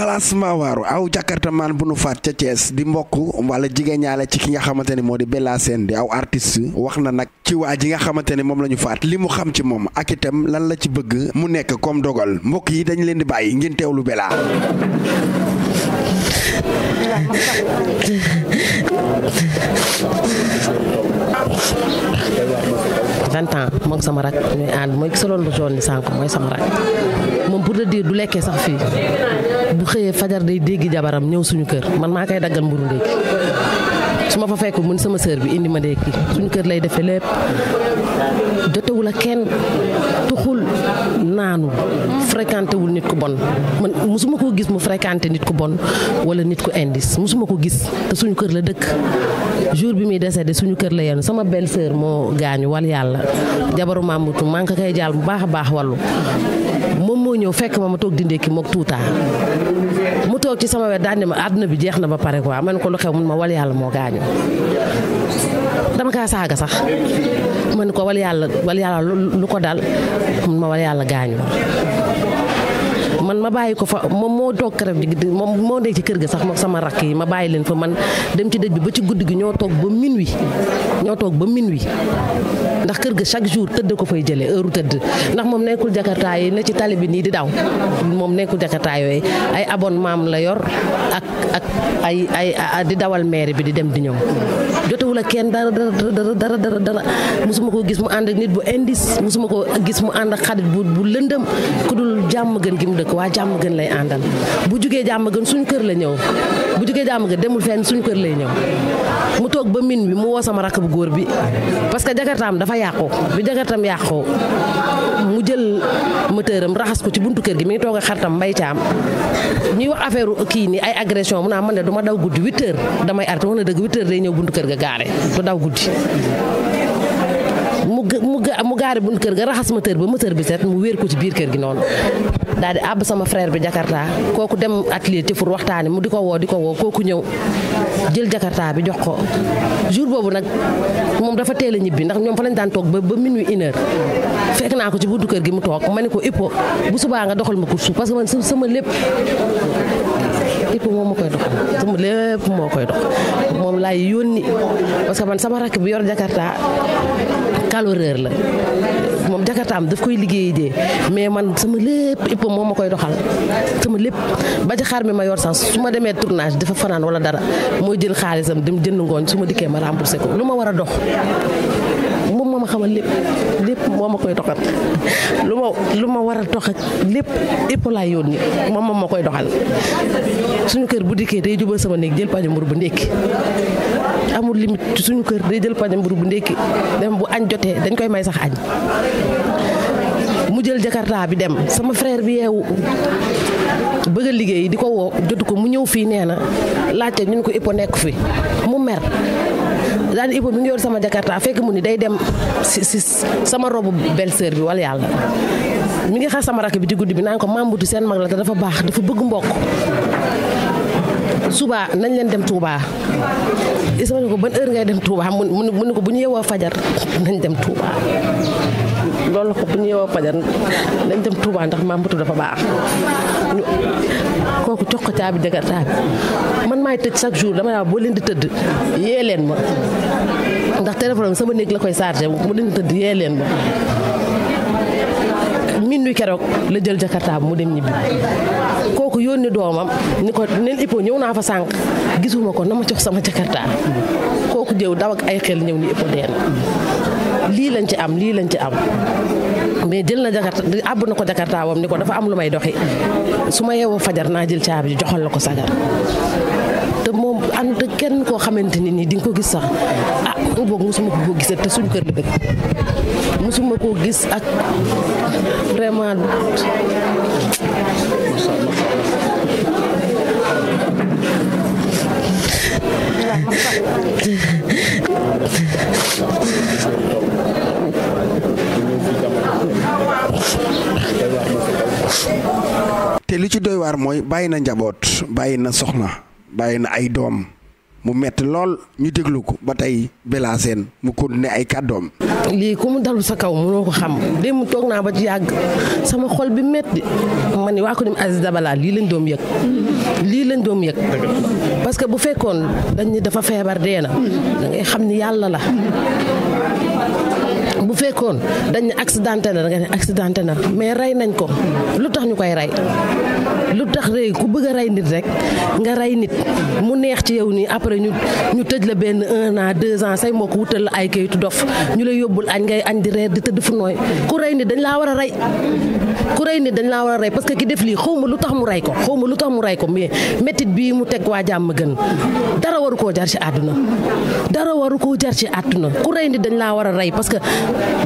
xalaas maa waaru aw jakartamaan bu nu faat ca Thiès di mbokk wala jigéen ñaale ci ki nga xamante ne moo di Bella seen di aw artiste wax na nag ci waa ji nga xamante ne moom la faat li mu xam ci moom ak itam lan la ci bëgg mu nekk comme dogal mbokk yi dañ leen di bàyyi ngeen teewlu Bella vingt ans moom sama rak ñuy sànq mooy sama rak moom du lekkee sax fii bu xëyee fajar day déggi jabaram ñëw suñu kër man maa koy daggal mburu ndékki su ma fa fekkul mën sama sœur bi indi ma ndékki suñu kër lay defee lépp jotewul a kenn tuxul naanu fréquenté wul nit ku bon man musuma koo gis mu fréquenté nit ku bon wala nit ku indis musuma koo gis te suñu kër la dëkk jour bi muy desee de suñu kër la yenn sama belle sœur moo gaañu wal yàlla jabaru Mamadou maa ngi koy jaal bu baax a baax wallu moom moo ñëw fekk ma ma toog di ndékki moog tuutaa mu toog ci sama wet daan ma àdduna bi jeex na ba pare quoi man ko lu xew mu ma wal moo gaañu dama kaa saaga sax man ko wal yàlla wal lu ko dal mun ma wal yàlla gaañu man ma bàyyi ko fa moom moo toog karaf di moom moo dee ci kër ga sax ma sama rakk yi ma bàyyi leen fa man dem ci dëj bi ba ci gudd gi ñoo toog ba minuit ñoo toog ba minuit ndax kër ga chaque jour tëdd ko fay jëlee heure tëdd ndax moom nekkul jakartaa yi ne ci tali bi nii di daw moom nekkul jakartaa yooyu ay abonnement la yor ak ak ay ay di dawal maire bi di dem di ñëw àndul ak kenn dara dara dara dara dara mosuma koo gis mu ànd ak nit bu indice mosuma koo gis mu ànd ak xarit bu bu lëndëm ku dul jàmm gën gi mu dëkk waa jàmm gën lay àndal bu jugee jàmm gën suñu kër lay ñëw bu jugee jàmm gën demul fenn suñu kër lay ñëw mu toog ba min bi mu woo sama rakk bu góor bi parce que jakartaam dafa yàqu bi jakartaam yàqu promoteur am raxas ko ci buntu kër gi mi ngi toog a xaritam mbay caam ñuy affaire kii ni ay agression mu naa man de du daw guddi huit heures damay arrêté wax na dëgg huit heures ñëw buntu kër ga gaare du daw guddi mu mu gaari bunt kër ga raxas moteur ba moteur bi set mu wéer ko ci biir kër gi noonu daal di àbb sama frère bi jakarta kooku dem atelier ci fur waxtaani mu di ko woo di ko woo kooku ñëw jël jakartaa bi jox ko jour boobu nag moom dafa teel a ñibbi ndax ñoom fa lañ daan toog ba ba minuit une heure fekk naa ko ci buntu kër gi mu toog ma ne ko ippo bu subaa nga doxal ma course parce que man sama lépp ippo moom ma koy doxal sama lépp moo koy dox laay yónni parce que man sama rakk bi yor Jakarta caloreur la moom jakartaam daf koy liggéey de mais man sama lépp ëpp moom ma koy doxal sama lépp ba ci xaar mi ma yor sax su ma demee tournage dafa fanaan wala dara mooy jël xaalisam dem jënd ngooñ su ma dikkee ma remboursé ko lu ma war a dox ma xamal lépp lépp moo ma koy doxal lu ma lu ma war a dox lépp lépp laa yoon moom moom ma koy doxal suñu kër bu dikkee day jubal sama néeg jël pañe mburu bu ndékki amul limite suñu kër day jël pañe mburu bu ndékki dem bu añ jotee dañ koy may sax añ mu jël jakarta bi dem sama frère bi yeewu bëgg a liggéey di ko woo jotu ko mu ñëw fii nee na laajte ñun ko Ipo nekk fi mu mer daal Ipo mi ngi yor sama jakarta fekk mu ni day dem si si sama robu belle-sœur bi wala yàlla mu ngi xas sama rakk bi ci guddi bi naan ko mambutu seen mag la te dafa baax dafa bëgg mbokk subaa nañ leen dem Touba Isma ne ko ban ngay dem Touba mu ne ko bu ñu yeewoo fajar nañ dem Touba loolu ko bu ñu yeewoo fajar dañ dem Touba ndax maam Mbutu dafa baax ñu kooku jox ko caabi jakarta bi man maay tëj chaque jour dama naa boo leen di tëdd yee leen ma ndax téléphone sama néeg la koy chargé bu leen tëdd yee leen ma minuit keroog la jël jakarta bi mu dem ñibbi kooku yónni doomam ni ko neen Ippo ñëw naa fa sànq gisuma ko na ma jox sama jakarta kooku jëw daw ay xel ñëw ni Ippo deen lii lañ ci am lii lañ ci am mais jël na jakarta àbb na ko jakartaawam ni ko dafa am lu may doxi su ma yeewoo fajar naa jël caabi ji joxal la ko sagar te moom ant kenn koo xamante ne nii di ko gis sax ah mu boog mosuma gisal te suñu kër la dëkk mosuma koo gis ak vraiment mooy bàyyi na njaboot bàyyi na soxna bàyyi na ay doom mu metti lool ñu déglu ko ba tey belaa seen mu continuer ay kàddoom. lii ku mu dalul sa kaw mënoo ko xam mu toog naa ba ci yàgg sama xol bi metti ma ne waa ko dem Aziz Dabala lii lañ doom yëg lii lañ doom yëg parce que bu fekkoon dañ ne dafa feebar dee na da xam ni yàlla la. fekkoon dañ ne accidenté na da nga ne accidenté na mais rey nañ ko lu tax ñu koy rey lu tax rey ku bëgg a rey nit rek nga rey nit mu neex ci yow nii après ñu ñu tëj la benn un an deux ans say mbokk wutal la ay kayitu dof ñu lay yóbbul añ ngay añ di reer di tëdd fu nooy ku rey nit dañ laa war a rey ku rey dañ laa war a rey parce que ki def lii xaw ma lu tax mu rey ko xaw ma lu tax mu rey ko mais métit bii mu teg waa jàmm gën dara waru koo jar ci àdduna dara waru koo jar ci àdduna ku rey nit dañ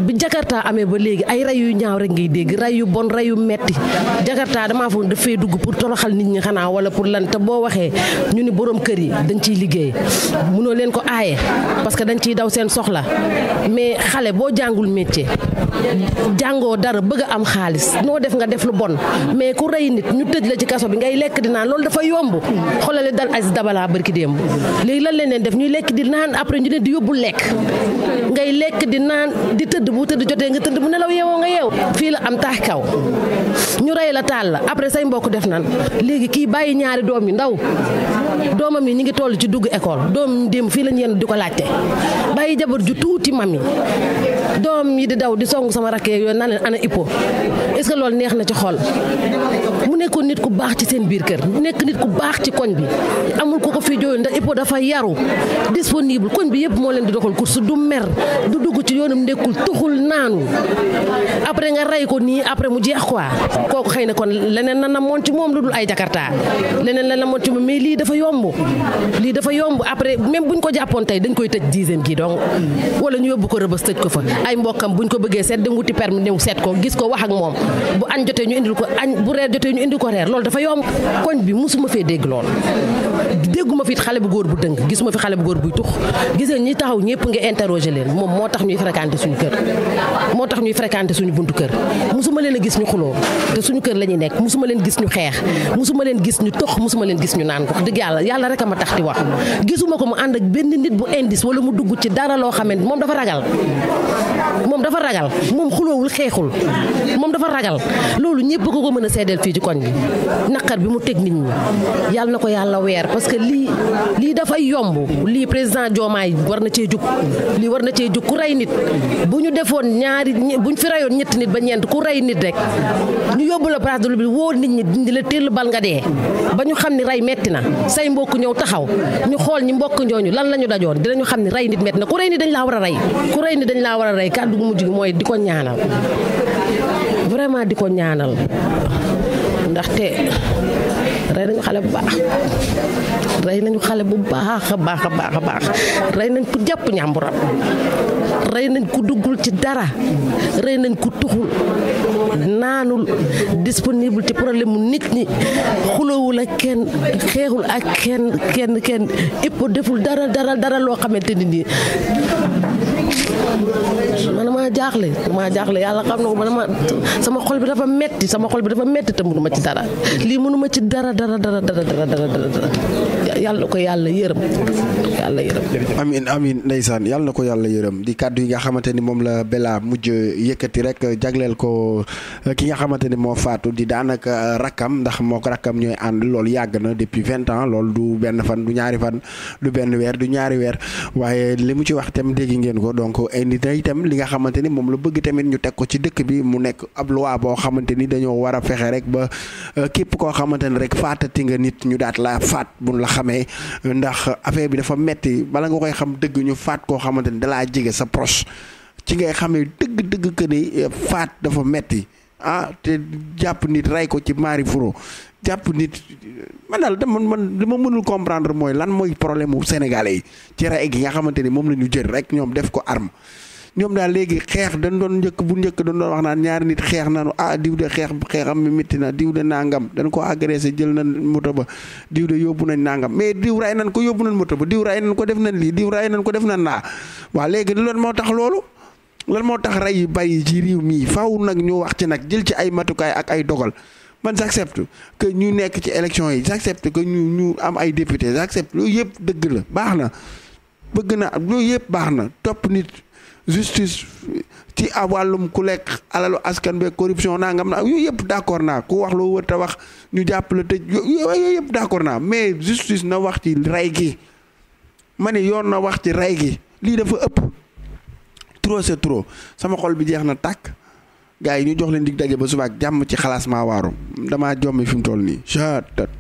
bi jakarta amee ba léegi ay rey yu ñaaw rek ngay dégg rey yu bon rey yu metti jakarta damaa foog dafay dugg pour toroxal nit ñi xanaa wala pour lan te boo waxee ñu ni boroom kër yi dañ ciy liggéey munoo leen ko aaye parce que dañ ciy daw seen soxla mais xale boo jàngul métier jàngoo dara bëgg am xaalis noo def nga def lu bon mais ku rey nit ñu tëj la ci kaso bi ngay lekk di naan loolu dafa yomb xoolale dal Aziz Dabala barki démb léegi lan leen def ñuy lekk di naan après ñu ne di yóbbu lekk tëdd bu tëdd jotee nga tëdd bu nelaw yeewoo nga yeew fii la am taax kaw ñu rey la taal la après say mbokk def nan léegi kii bàyyi ñaari doom yi ndaw doomam yi ñu ngi toll ci dugg école doomam démb fii lañ yenn di ko laajte bàyyi jabar ju tuuti mam yi doom yi di daw di song sama rakkee yooyu naa leen ana ippo est loolu neex na ci xol mu nekkoon nit ku baax ci seen biir kër nekk nit ku baax ci koñ bi amul ko ko fi jooyu ndax ippo dafa yaru disponible koñ bi yëpp moo leen di doxal course du mer du dugg ci yoonam nekkul tuxul naanu après nga rey ko nii après mu jeex ko quoi kooku xëy na kon leneen na na moon ci moom lu dul ay jakarta leneen la na moon ci moom mais yomb lii dafa yomb après même buñ ko jàppoon tey dañ koy tëj dixième gi donc wala ñu yóbbu ko rëbës tëj ko fa ay mbokkam buñ ko bëggee seet dem wuti permis ñëw seet ko gis ko wax ak moom bu añ jotee ñu indil ko añ bu reer jotee ñu indi ko reer loolu dafa yomb koñ bi musuma fee dégg lool dégguma fi xale bu góor bu dëng gisuma fi xale bu góor buy tux gis ñi taxaw ñëpp nga interroger leen moom moo tax ñuy fréquenter suñu kër moo tax ñuy fréquenter suñu buntu kër musuma leen gis ñu xuloo te suñu kër la ñuy nekk musuma leen gis ñu xeex musuma leen gis ñu tox musuma leen gis ñu naan yàlla yàlla rek a ma tax di wax gisuma ko mu ànd ak benn nit bu indice wala mu dugg ci dara loo xamante moom dafa ragal moom dafa ragal moom xuloowul xeexul moom dafa ragal loolu ñëpp ko ko mën a seedeel fii ci koñ bi naqar bi mu teg nit ñi yàlla na ko yàlla weer parce que lii lii dafay yomb lii président Diomaye war na cee jug lii war na cee jug ku rey nit bu ñu defoon ñaari bu ñu fi reyoon ñetti nit ba ñeent ku rey nit rek ñu yóbbu la place de l'Obélisque woo nit ñi di la teel bal nga dee xam ne say mbokk ñëw taxaw ñu xool ñi mbokk ñooñu lan la ñu dajoon dinañu xam ne rey nit met na ku rey ni dañ laa war a rey ku rey ni dañ laa war a rey kàddu gu mujj gi mooy di ko ñaanal vraiment di ko ñaanal ndaxte rey nañu xale bu baax rey nañu xale bu baax a baax a baax a baax rey nañ ku jàpp ñàmburam rey nañ ku duggul ci dara rey nañ ku tuxul naanul disponible ci problème mu nit ñi xulowul ak kenn xeexul ak kenn kenn kenn ippo deful dara dara dara loo xamante ni nii man maa jaaxle maa jaaxle yàlla xam na ko man ma sama xol bi dafa metti sama xol bi dafa metti te mënuma ci dara lii mënuma ci dara dara dara dara dara dara yàlla na ko yàlla yërëm yàlla yërëm. amiin amiin ndeysaan yàlla na ko yàlla yërëm di kaddu yi nga xamante ni moom la Bella mujj yëkkati rek jagleel ko eh, ki nga xamante ni moo faatu di daanaka eh, rakkam ndax moo ko rakkam ñooy ànd loolu yàgg na depuis vingt ans loolu du benn fan du ñaari fan du benn weer du ñaari weer waaye li mu ci wax itam dégg ngeen ko donc ay nit itam li nga xamante ni moom la bëgg tamit ñu teg ko ci dëkk bi mu nekk ab loi boo xamante ni dañoo war fexe rek ba eh, képp koo xamante ni rek faatati nga nit ñu daat la faat buñ la xam xamee ndax affaire bi dafa metti bala nga koy xam dëgg ñu faat koo xamante ni dalaa jege sa proche ci ngay xamee dëgg dëgg que ni eh, faat dafa metti ah te jàpp nit rey ko ci maari furo jàpp nit man daal dama man li ma mënul comprendre mooy lan mooy problème mu sénégalais yi ci rey gi nga xamante ni moom la ñu jël rek ñoom def ko arme ñoom daal léegi xeex dañ doon njëkk bu njëkk dañ doon wax naan ñaari nit xeex nañu ah diw de xeex xeexam mi métti na diw de nangam dañ ko agressé jël nañ moto ba diw yóbbu nañ nangam mais diw ray nañ ko yóbbu nañ moto ba diw ray nañ ko def nañ lii diw ray nañ ko def nañ naa waa léegi loolu moo tax loolu lan moo tax rey yi bàyyi ci réew mii faaw nag ñu wax ci nag jël ci ay matukaay ak ay dogal man j'accepte que nekk ci élection yi j'accepte que ñu ñu am ay député j'accepte yëpp dëgg la baax na bëgg na loolu yëpp baax na topp nit justice ci wàllum ku lekk alalu askan beeg corruption nangam na yooyu yëpp d'accord naa ku wax loo wër te wax ñu jàppale tëj yooyu yëpp d'accord naa mais justice na wax ci rey gi ma ne yoon na wax ci rey gi lii dafa ëpp trop c'est trop sama xol bi jeex na tàkk gars yi ñu jox leen dig daje ba subaak jàmm ci xalaas maa waaru damaa jommi fi mu toll nii